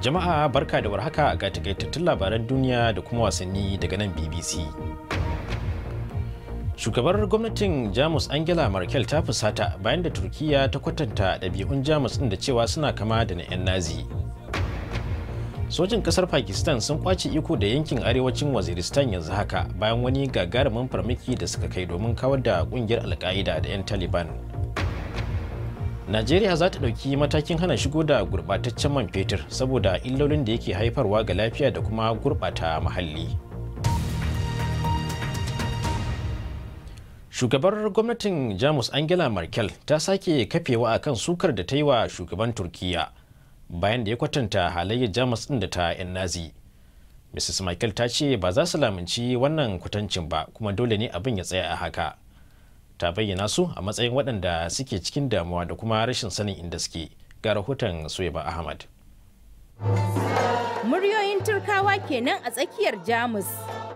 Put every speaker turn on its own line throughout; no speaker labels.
Jama'a barka da warhaka ga takaitattun labaran duniya da kuma wasanni daga nan BBC. Shugabar gwamnatin Jamus Angela Merkel ta fusata bayan da Turkiyya ta kwatanta ɗabi'un Jamus ɗin da cewa suna kama da na 'yan Nazi. Sojin ƙasar Pakistan sun kwace iko da yankin arewacin Waziristan yanzu haka bayan wani gagarumin farmaki da suka kai domin kawar da ƙungiyar alka'ida da 'yan Taliban. Najeriya za ta ɗauki matakin hana shigo da gurɓataccen man fetur saboda illolin da yake haifarwa ga lafiya da kuma gurɓata muhalli. Shugabar gwamnatin Jamus Angela Merkel ta sake kafewa a kan sukar da ta yi wa shugaban Turkiyya bayan da ya kwatanta halayyar Jamus ɗin da ta 'yan Nazi. Mrs. Merkel ta ce ba za su lamunci wannan kwatancin ba kuma dole ne abin ya tsaya a haka. ta bayyana su a matsayin waɗanda suke cikin damuwa da kuma rashin sanin inda suke ga rahoton suweba ahmad
muryoyin turkawa kenan a tsakiyar jamus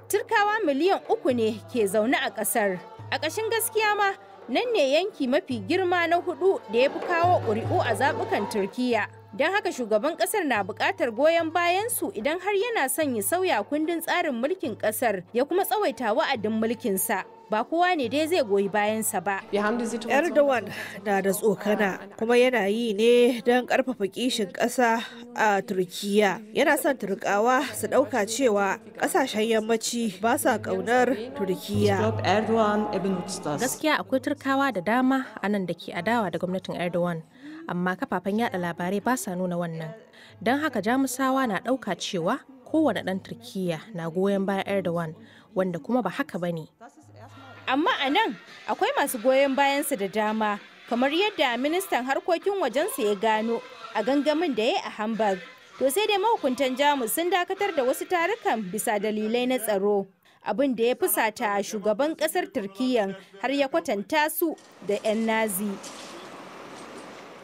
turkawa miliyan uku ne ke zaune a ƙasar a ƙashin gaskiya ma nan ne yanki mafi girma na hudu da ya fi kawo ƙuri'u a zaɓukan turkiya don haka shugaban ƙasar na buƙatar goyon bayansu idan har yana son ya sauya kundin tsarin mulkin ƙasar ya kuma tsawaita wa'adin mulkinsa ba kowa ne dai zai goyi bayansa ba. Erdogan na da tsokana kuma yana yi ne don karfafa kishin ƙasa a Turkiya. Yana son Turkawa su ɗauka cewa ƙasashen yammaci ba sa kaunar Turkiya. Gaskiya akwai Turkawa da dama a nan da ke adawa da gwamnatin Erdogan. Amma kafafen yada labarai ba sa nuna wannan. Don haka Jamusawa na ɗauka cewa kowane ɗan Turkiya na goyon bayan Erdogan wanda kuma ba haka ba ne. amma a nan akwai masu goyon bayansa da dama kamar yadda ministan harkokin wajensa ya gano a gangamin da ya yi a hamburg to sai dai mahukuntan jamus sun dakatar da wasu tarukan bisa dalilai na tsaro abin da ya fusata shugaban kasar turkiyyar har ya kwatanta su da 'yan nazi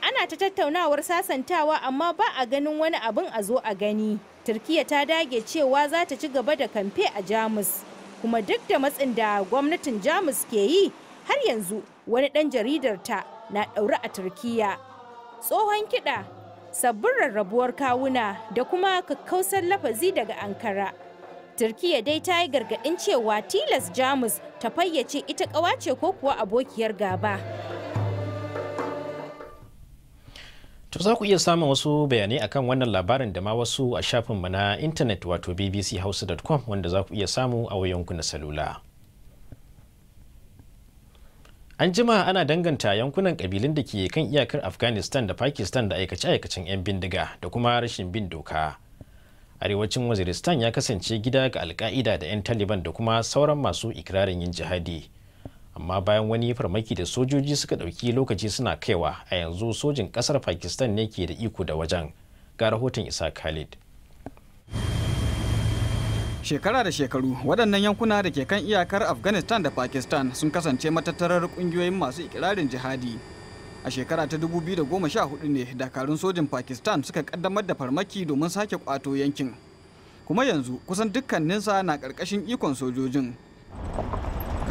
ana ta tattaunawar sasantawa amma ba a ganin wani abin a zo a gani turkiyya ta dage cewa za ta ci gaba da kamfe a jamus kuma duk da matsin da gwamnatin jamus ke yi har yanzu wani ɗan jaridar ta na ɗaure a turkiya tsohon kiɗa sabbin rarrabuwar kawuna da kuma kakkausar lafazi daga ankara turkiya dai ta yi gargaɗin cewa tilas jamus ta fayyace ita ce ko kuwa abokiyar gaba.
To za ku iya samun wasu bayanai akan wannan labarin da ma wasu a shafinmu na intanet wato bbchouse.com wanda za ku iya samu a wayanku na salula. An jima ana danganta yankunan kabilun da ke kan iyakar Afghanistan da Pakistan da aikace-aikacen 'yan bindiga da kuma rashin bin doka. Arewacin Waziristan ya kasance gida ga alka'ida da 'yan Taliban da kuma sauran masu ikirarin yin jihadi. amma bayan wani farmaki da sojoji suka ɗauki lokaci suna kaiwa a yanzu sojin ƙasar pakistan ne ke da iko da wajen ga rahoton isa khalid
shekara da shekaru waɗannan yankuna da ke kan iyakar afghanistan da pakistan sun kasance matattarar ƙungiyoyin masu ikirarin jihadi a shekara ta 2014 ne dakarun sojin pakistan suka kaddamar da farmaki domin sake kwato yankin kuma yanzu kusan dukkan dukkaninsa na ƙarƙashin ikon sojojin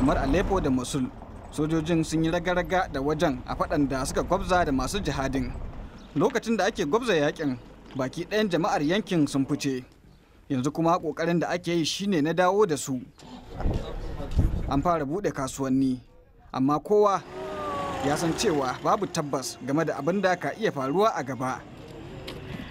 kamar Aleppo da Mosul. Sojojin sun yi raga-raga da wajen a faɗan da suka gwabza da masu jihadin. Lokacin da ake gwabza yakin, baki ɗayan jama'ar yankin sun fice. Yanzu kuma ƙoƙarin da ake yi shine na dawo da su. An fara buɗe kasuwanni, amma kowa ya san cewa babu tabbas game da abin da ka iya faruwa a gaba.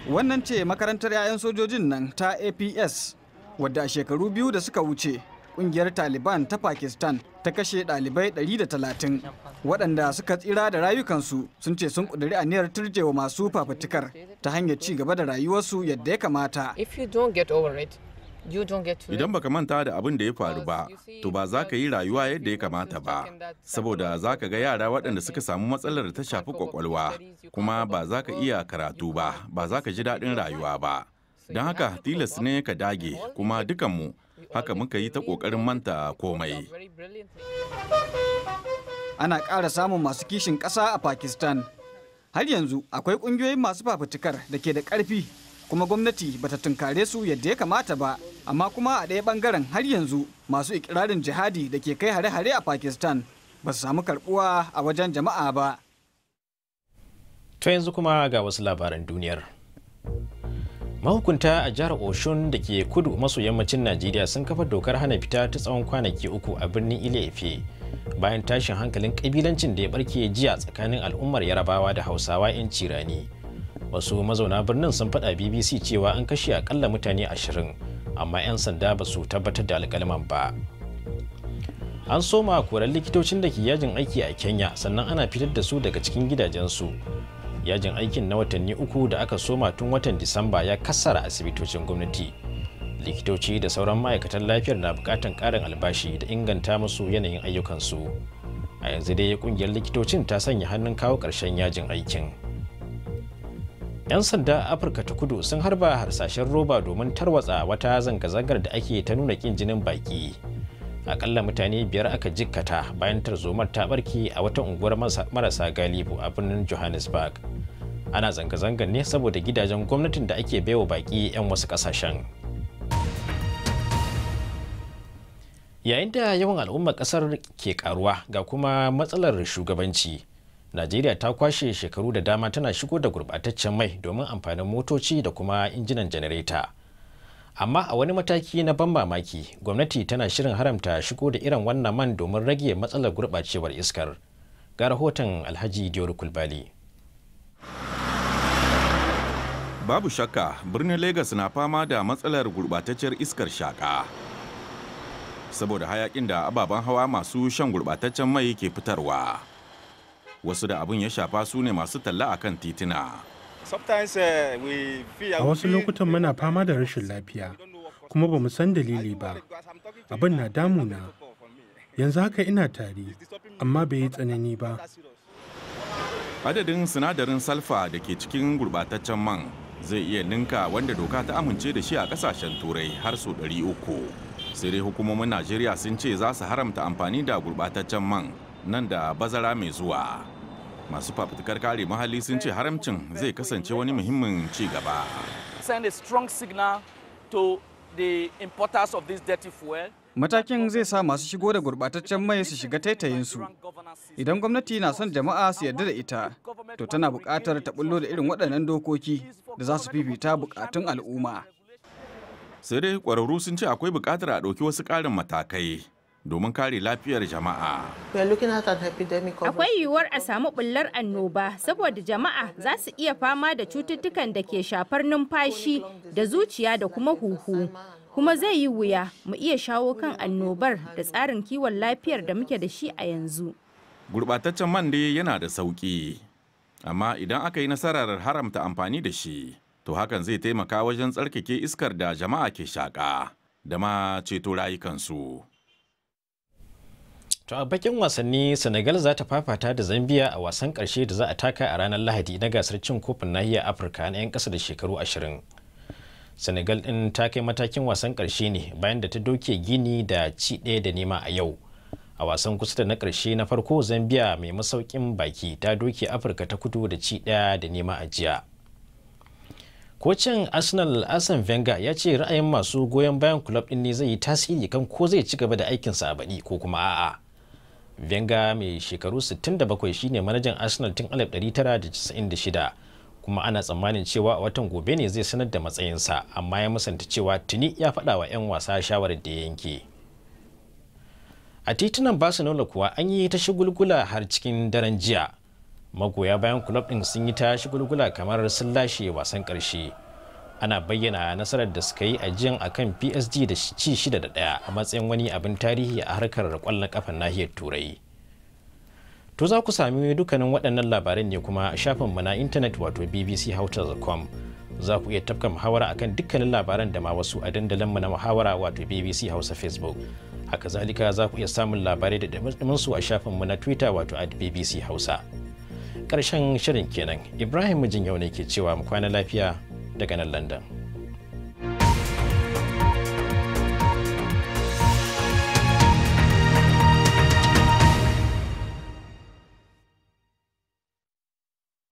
Wannan ce makarantar 'ya'yan sojojin nan ta APS wadda a shekaru biyu da suka wuce kungiyar Taliban ta Pakistan ta kashe dalibai 130 waɗanda suka tsira da rayukansu sun ce sun ƙudiri aniyar turjewa masu fafutukar ta hanyar ci gaba da rayuwarsu yadda ya kamata. Idan
baka manta da abin da ya faru ba, to ba za ka yi rayuwa yadda ya kamata ba, saboda za ka ga yara waɗanda suka samu matsalar ta shafi kwakwalwa, kuma ba za ka iya karatu ba, ba za ka ji daɗin rayuwa ba. Don haka tilas ne ka dage, kuma dukanmu haka muka yi ta ƙoƙarin manta komai.
Ana ƙara samun masu kishin ƙasa a Pakistan. Har yanzu akwai ƙungiyoyin masu fafutukar da ke da ƙarfi kuma gwamnati ba ta tunkare su yadda ya kamata ba. Amma kuma a ɗaya ɓangaren har yanzu masu ikirarin jihadi da ke kai hare-hare a Pakistan ba su samu karɓuwa a wajen jama'a ba.
To yanzu kuma ga wasu labaran duniyar. mahukunta a jihar oshun da ke kudu maso yammacin najeriya sun kafa dokar hana fita ta tsawon kwanaki uku a birnin ile ife bayan tashin hankalin kabilancin da ya barke jiya tsakanin al'ummar yarabawa da hausawa 'yan cirani wasu mazauna birnin sun faɗa bbc cewa an kashe akalla mutane ashirin amma 'yan sanda ba su tabbatar da alƙalman ba an soma koran likitocin da ke yajin aiki a kenya sannan ana fitar da su daga cikin gidajensu yajin aikin na watanni uku da aka soma tun watan disamba ya kasara asibitocin gwamnati likitoci da sauran ma'aikatan lafiyar na bukatan karin albashi da inganta musu yanayin ayyukansu a yanzu dai kungiyar likitocin ta sanya hannun kawo karshen yajin aikin 'yan sanda afirka ta kudu sun harba harsashen roba domin tarwatsa wata zanga-zangar da ake ta nuna kin jinin baki akalla mutane biyar aka jikkata bayan tarzomar ta barki a wata unguwar marasa galibu a birnin johannesburg ana zanga-zangar ne saboda gidajen gwamnatin da ake baiwa baki 'yan wasu kasashen yayin da yawan al'ummar kasar ke karuwa ga kuma matsalar shugabanci najeriya ta kwashe shekaru da dama tana shigo da gurbataccen mai domin amfanin motoci da kuma injinan janareta amma a wani mataki na ban mamaki gwamnati tana shirin haramta shigo da irin wannan man domin rage matsalar gurɓacewar iskar ga rahoton alhaji diyar kulbali
babu shakka birnin lagos na fama da matsalar gurɓatacciyar iskar shaka saboda hayakin da ababen hawa masu shan gurɓataccen mai ke fitarwa wasu da abin ya shafa su ne masu talla akan tituna. Uh, a wasu lokutan muna fama da rashin lafiya, kuma ba mu san dalili ba. Abin na damuna. Yanzu haka ina tari, amma bai yi tsanani ba. Adadin sinadarin salfa da ke cikin gurɓataccen man zai iya ninka wanda doka ta amince da shi a ƙasashen turai har su uku, Sai dai hukumomin Najeriya sun ce za su haramta amfani da gurɓataccen man nan da bazara mai zuwa. masu fafutukar kare mahalli sun ce haramcin zai kasance wani muhimmin ci gaba.
Send strong signal
to the of this dirty fuel.
Matakin zai sa masu shigo da gurbataccen mai su shiga taitayinsu. Idan gwamnati na son jama'a su yarda da ita, to tana buƙatar ta bullo da irin waɗannan dokoki da za su fifita buƙatun al'umma.
Sai dai ƙwararru sun ce akwai buƙatar a ɗauki wasu ƙarin matakai. domin kare lafiyar jama'a.
Akwai yiwuwar a samu bullar annoba saboda jama'a za su iya fama da cututtukan da ke shafar numfashi da zuciya da kuma huhu. Kuma zai yi wuya mu iya shawo kan annobar da tsarin kiwon lafiyar da muke da shi a yanzu.
Gurbataccen man dai yana da sauƙi, amma idan aka yi nasarar haramta amfani da shi, to hakan zai taimaka wajen tsarkake iskar da jama'a ke shaƙa da ma ceto rayukansu.
To a bakin wasanni Senegal za ta fafata da Zambia a wasan karshe da za a taka a ranar Lahadi na gasar cin kofin nahiyar Afirka na 'yan ƙasa da shekaru 20. Senegal ɗin ta kai matakin wasan karshe ne bayan da ta doke Gini da ci ɗaya da nema a yau. A wasan kusa da na karshe na farko Zambia mai masaukin baki ta doke Afirka ta kudu da ci ɗaya da nema a jiya. Kocin Arsenal Arsene Venga ya ce ra'ayin masu goyon bayan kulob ɗin ne zai yi tasiri kan ko zai ci gaba da aikinsa a baɗi ko kuma a'a. venga mai shekaru 67 shine manajan arsenal tun 1996 kuma ana tsammanin cewa watan gobe ne zai sanar da matsayinsa amma ya musanta cewa tuni ya faɗa wa 'yan wasa shawarar da ya yanke a titunan barcelona kuwa an yi ta shigulgula har cikin daren jiya magoya bayan kulob ɗin sun yi ta shigulgula kamar sun lashe wasan ƙarshe ana bayyana nasarar da suka yi a jiyan akan psg da ci shida da ɗaya a matsayin wani abin tarihi a harkar kwallon kafan nahiyar turai to za ku sami dukkanin waɗannan labaran ne kuma a shafinmu na intanet wato bbchauta.com za ku iya tafka muhawara akan dukkanin labaran da ma wasu a dandalinmu na muhawara wato bbc hausa facebook haka zalika za ku iya samun labarai da su a shafin mu na twitter wato at bbc hausa ƙarshen shirin kenan ibrahim mijin yau ne ke cewa mu kwana lafiya daga nan London.